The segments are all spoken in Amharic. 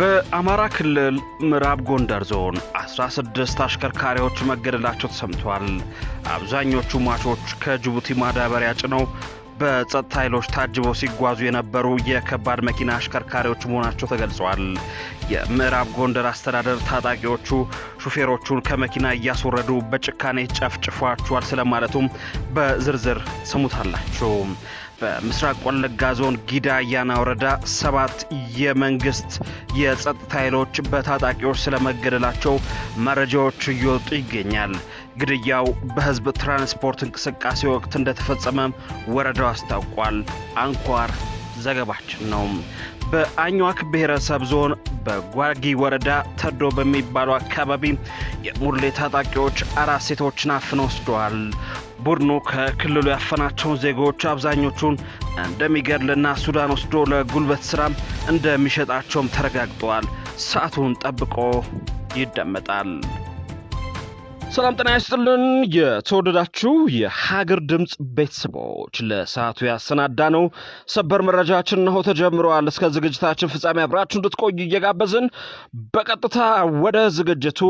በአማራ ክልል ምዕራብ ጎንደር ዞን 16 አሽከርካሪዎች መገደላቸው ተሰምቷል። አብዛኞቹ ሟቾች ከጅቡቲ ማዳበሪያ ጭነው በጸጥታ ኃይሎች ታጅበው ሲጓዙ የነበሩ የከባድ መኪና አሽከርካሪዎች መሆናቸው ተገልጿል። የምዕራብ ጎንደር አስተዳደር ታጣቂዎቹ ሹፌሮቹን ከመኪና እያስወረዱ በጭካኔ ጨፍጭፏቸዋል ስለማለቱም በዝርዝር ሰሙታላቸው። በምስራቅ ወለጋ ዞን ጊዳ አያና ወረዳ ሰባት የመንግስት የጸጥታ ኃይሎች በታጣቂዎች ስለመገደላቸው መረጃዎች እየወጡ ይገኛል። ግድያው በህዝብ ትራንስፖርት እንቅስቃሴ ወቅት እንደተፈጸመም ወረዳው አስታውቋል። አንኳር ዘገባችን ነው። በአኟክ ብሔረሰብ ዞን በጓጊ ወረዳ ተዶ በሚባሉ አካባቢ የሙርሌ ታጣቂዎች አራት ሴቶችን አፍነ ወስደዋል። ቡድኑ ከክልሉ ያፈናቸውን ዜጎች አብዛኞቹን እንደሚገድልና ሱዳን ወስዶ ለጉልበት ሥራ እንደሚሸጣቸውም ተረጋግጧል። ሰዓቱን ጠብቆ ይደመጣል። ሰላም ጤና ይስጥልን። የተወደዳችሁ የሀገር ድምፅ ቤተሰቦች ለሰዓቱ ያሰናዳ ነው ሰበር መረጃችን እነሆ ተጀምረዋል። እስከ ዝግጅታችን ፍጻሜ አብራችሁ እንድትቆዩ እየጋበዝን በቀጥታ ወደ ዝግጅቱ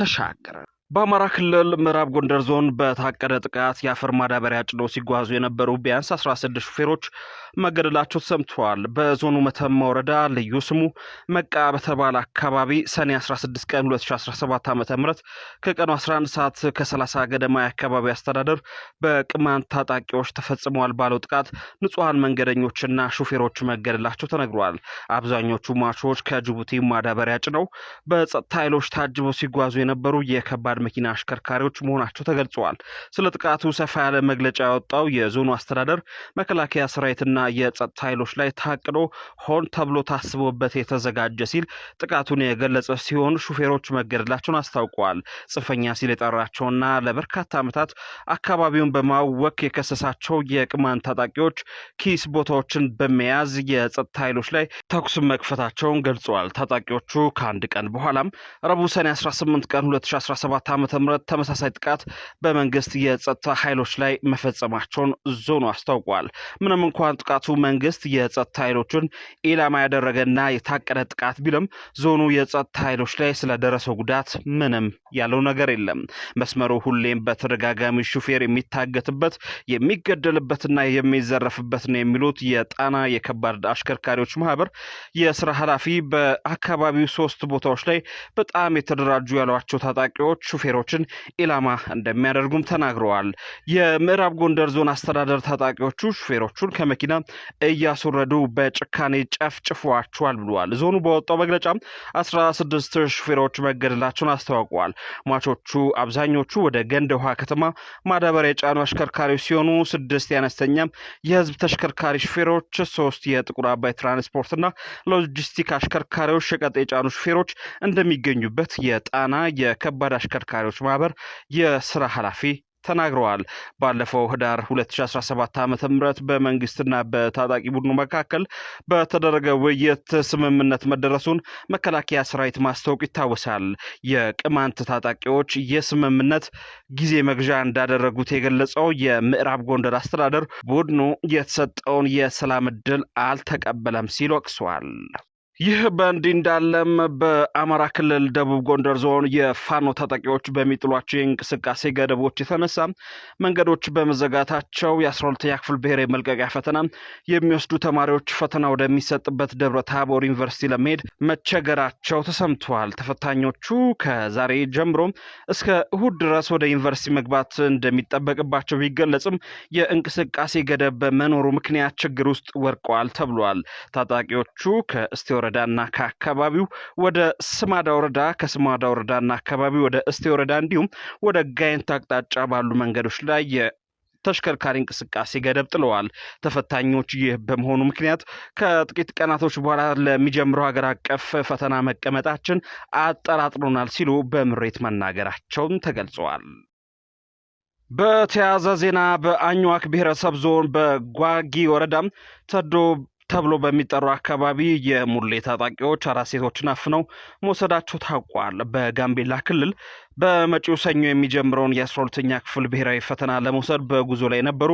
ተሻገረ። በአማራ ክልል ምዕራብ ጎንደር ዞን በታቀደ ጥቃት የአፈር ማዳበሪያ ጭነው ሲጓዙ የነበሩ ቢያንስ 16 ሹፌሮች መገደላቸው ተሰምተዋል። በዞኑ መተማ ወረዳ ልዩ ስሙ መቃ በተባለ አካባቢ ሰኔ 16 ቀን 2017 ዓ ም ከቀኑ 11 ሰዓት ከ30 ገደማ የአካባቢ አስተዳደር በቅማንት ታጣቂዎች ተፈጽመዋል ባለው ጥቃት ንጹሐን መንገደኞችና ሹፌሮች መገደላቸው ተነግሯል። አብዛኞቹ ሟቾች ከጅቡቲ ማዳበሪያ ጭነው በጸጥታ ኃይሎች ታጅበው ሲጓዙ የነበሩ የከባድ የከባድ መኪና አሽከርካሪዎች መሆናቸው ተገልጸዋል። ስለ ጥቃቱ ሰፋ ያለ መግለጫ ያወጣው የዞኑ አስተዳደር መከላከያ ሰራዊትና የጸጥታ ኃይሎች ላይ ታቅዶ ሆን ተብሎ ታስቦበት የተዘጋጀ ሲል ጥቃቱን የገለጸ ሲሆን ሹፌሮች መገደላቸውን አስታውቀዋል። ጽንፈኛ ሲል የጠራቸውና ለበርካታ ዓመታት አካባቢውን በማወክ የከሰሳቸው የቅማን ታጣቂዎች ኪስ ቦታዎችን በመያዝ የጸጥታ ኃይሎች ላይ ተኩስ መክፈታቸውን ገልጸዋል። ታጣቂዎቹ ከአንድ ቀን በኋላም ረቡዕ ሰኔ 18 ቀን 2017 ዓ ም ተመሳሳይ ጥቃት በመንግስት የጸጥታ ኃይሎች ላይ መፈጸማቸውን ዞኑ አስታውቋል። ምንም እንኳን ጥቃቱ መንግስት የጸጥታ ኃይሎችን ኢላማ ያደረገና የታቀደ ጥቃት ቢልም ዞኑ የጸጥታ ኃይሎች ላይ ስለደረሰው ጉዳት ምንም ያለው ነገር የለም። መስመሩ ሁሌም በተደጋጋሚ ሹፌር የሚታገትበት የሚገደልበትና የሚዘረፍበት ነው የሚሉት የጣና የከባድ አሽከርካሪዎች ማህበር የስራ ኃላፊ በአካባቢው ሶስት ቦታዎች ላይ በጣም የተደራጁ ያሏቸው ታጣቂዎች ሹፌሮችን ኢላማ እንደሚያደርጉም ተናግረዋል። የምዕራብ ጎንደር ዞን አስተዳደር ታጣቂዎቹ ሹፌሮቹን ከመኪና እያስወረዱ በጭካኔ ጨፍጭፏቸዋል ብለዋል። ዞኑ በወጣው መግለጫ አስራ ስድስት ሹፌሮች መገደላቸውን አስታውቀዋል። ሟቾቹ አብዛኞቹ ወደ ገንደ ውሃ ከተማ ማዳበሪያ የጫኑ አሽከርካሪዎች ሲሆኑ ስድስት የአነስተኛ የህዝብ ተሽከርካሪ ሹፌሮች፣ ሶስት የጥቁር አባይ ትራንስፖርትና ሎጂስቲክ አሽከርካሪዎች ሸቀጥ የጫኑ ሹፌሮች እንደሚገኙበት የጣና የከባድ አሽከርካሪ አሽከርካሪዎች ማህበር የስራ ኃላፊ ተናግረዋል። ባለፈው ህዳር 2017 ዓ ም በመንግስትና በታጣቂ ቡድኑ መካከል በተደረገ ውይይት ስምምነት መደረሱን መከላከያ ሰራዊት ማስታወቅ ይታወሳል። የቅማንት ታጣቂዎች የስምምነት ጊዜ መግዣ እንዳደረጉት የገለጸው የምዕራብ ጎንደር አስተዳደር ቡድኑ የተሰጠውን የሰላም እድል አልተቀበለም ሲል ወቅሰዋል። ይህ በእንዲህ እንዳለም በአማራ ክልል ደቡብ ጎንደር ዞን የፋኖ ታጣቂዎች በሚጥሏቸው የእንቅስቃሴ ገደቦች የተነሳ መንገዶች በመዘጋታቸው የ12ኛ ክፍል ብሔራዊ መልቀቂያ ፈተና የሚወስዱ ተማሪዎች ፈተና ወደሚሰጥበት ደብረ ታቦር ዩኒቨርሲቲ ለመሄድ መቸገራቸው ተሰምተዋል። ተፈታኞቹ ከዛሬ ጀምሮ እስከ እሁድ ድረስ ወደ ዩኒቨርሲቲ መግባት እንደሚጠበቅባቸው ቢገለጽም የእንቅስቃሴ ገደብ በመኖሩ ምክንያት ችግር ውስጥ ወድቀዋል ተብሏል። ታጣቂዎቹ ከእስቴ ወረዳና ከአካባቢው ወደ ስማዳ ወረዳ፣ ከስማዳ ወረዳና አካባቢው ወደ እስቴ ወረዳ እንዲሁም ወደ ጋይንት አቅጣጫ ባሉ መንገዶች ላይ ተሽከርካሪ እንቅስቃሴ ገደብ ጥለዋል። ተፈታኞች ይህ በመሆኑ ምክንያት ከጥቂት ቀናቶች በኋላ ለሚጀምረው ሀገር አቀፍ ፈተና መቀመጣችን አጠራጥሮናል ሲሉ በምሬት መናገራቸውን ተገልጸዋል። በተያያዘ ዜና በአኝዋክ ብሔረሰብ ዞን በጓጊ ወረዳም ተዶ ተብሎ በሚጠሩ አካባቢ የሙሌ ታጣቂዎች አራት ሴቶችን አፍነው መውሰዳቸው ታውቋል። በጋምቤላ ክልል በመጪው ሰኞ የሚጀምረውን የአስራ ሁለተኛ ክፍል ብሔራዊ ፈተና ለመውሰድ በጉዞ ላይ የነበሩ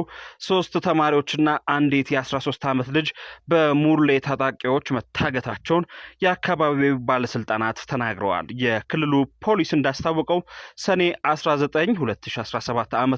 ሶስት ተማሪዎችና አንዲት የ13 ዓመት ልጅ በሙሌ ታጣቂዎች መታገታቸውን የአካባቢው ባለስልጣናት ተናግረዋል። የክልሉ ፖሊስ እንዳስታወቀው ሰኔ 19 2017 ዓ ም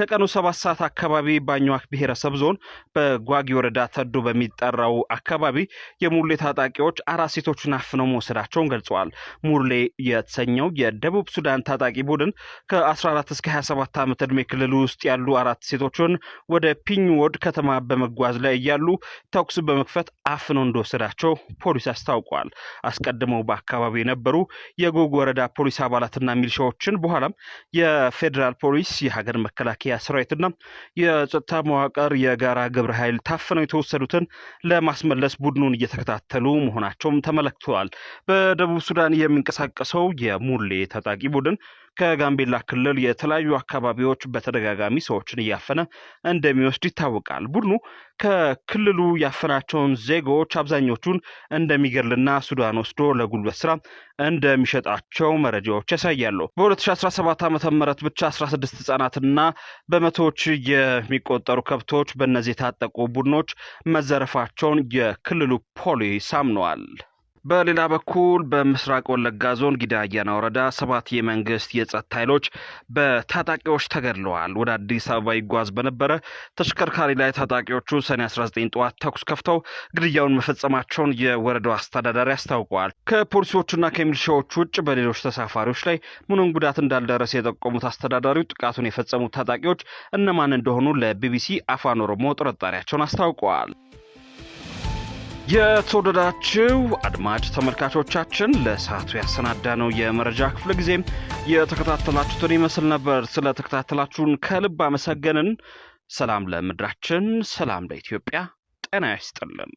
ከቀኑ ሰባት ሰዓት አካባቢ ባኝዋክ ብሔረሰብ ዞን በጓጊ ወረዳ ተዶ በሚ በሚጠራው አካባቢ የሙርሌ ታጣቂዎች አራት ሴቶችን አፍነው መውሰዳቸውን ገልጸዋል። ሙርሌ የተሰኘው የደቡብ ሱዳን ታጣቂ ቡድን ከ14 እስከ 27 ዓመት ዕድሜ ክልል ውስጥ ያሉ አራት ሴቶችን ወደ ፒኝዎድ ከተማ በመጓዝ ላይ እያሉ ተኩስ በመክፈት አፍኖ እንደወሰዳቸው ፖሊስ አስታውቋል። አስቀድመው በአካባቢው የነበሩ የጎግ ወረዳ ፖሊስ አባላትና ሚሊሻዎችን በኋላም የፌዴራል ፖሊስ፣ የሀገር መከላከያ ሰራዊትና የጸጥታ መዋቅር የጋራ ግብረ ኃይል ታፍነው የተወሰዱትን ለማስመለስ ቡድኑን እየተከታተሉ መሆናቸውም ተመለክተዋል። በደቡብ ሱዳን የሚንቀሳቀሰው የሙሌ ታጣቂ ቡድን ከጋምቤላ ክልል የተለያዩ አካባቢዎች በተደጋጋሚ ሰዎችን እያፈነ እንደሚወስድ ይታወቃል። ቡድኑ ከክልሉ ያፈናቸውን ዜጎች አብዛኞቹን እንደሚገድልና ሱዳን ወስዶ ለጉልበት ስራ እንደሚሸጣቸው መረጃዎች ያሳያሉ። በ2017 ዓ ም ብቻ 16 ህጻናትና በመቶዎች የሚቆጠሩ ከብቶች በእነዚህ የታጠቁ ቡድኖች መዘረፋቸውን የክልሉ ፖሊስ አምነዋል። በሌላ በኩል በምስራቅ ወለጋ ዞን ጊዳያና ወረዳ ሰባት የመንግስት የጸጥታ ኃይሎች በታጣቂዎች ተገድለዋል። ወደ አዲስ አበባ ይጓዝ በነበረ ተሽከርካሪ ላይ ታጣቂዎቹ ሰኔ 19 ጠዋት ተኩስ ከፍተው ግድያውን መፈጸማቸውን የወረዳው አስተዳዳሪ አስታውቀዋል። ከፖሊሶቹና ከሚሊሻዎች ውጭ በሌሎች ተሳፋሪዎች ላይ ምኑን ጉዳት እንዳልደረሰ የጠቆሙት አስተዳዳሪው ጥቃቱን የፈጸሙት ታጣቂዎች እነማን እንደሆኑ ለቢቢሲ አፋን ኦሮሞ ጥርጣሬያቸውን አስታውቀዋል። የተወደዳችው አድማጭ ተመልካቾቻችን ለሰዓቱ ያሰናዳነው የመረጃ ክፍለ ጊዜ የተከታተላችሁትን ይመስል ነበር። ስለ ተከታተላችሁን ከልብ አመሰገንን። ሰላም ለምድራችን፣ ሰላም ለኢትዮጵያ። ጤና ይስጥልን።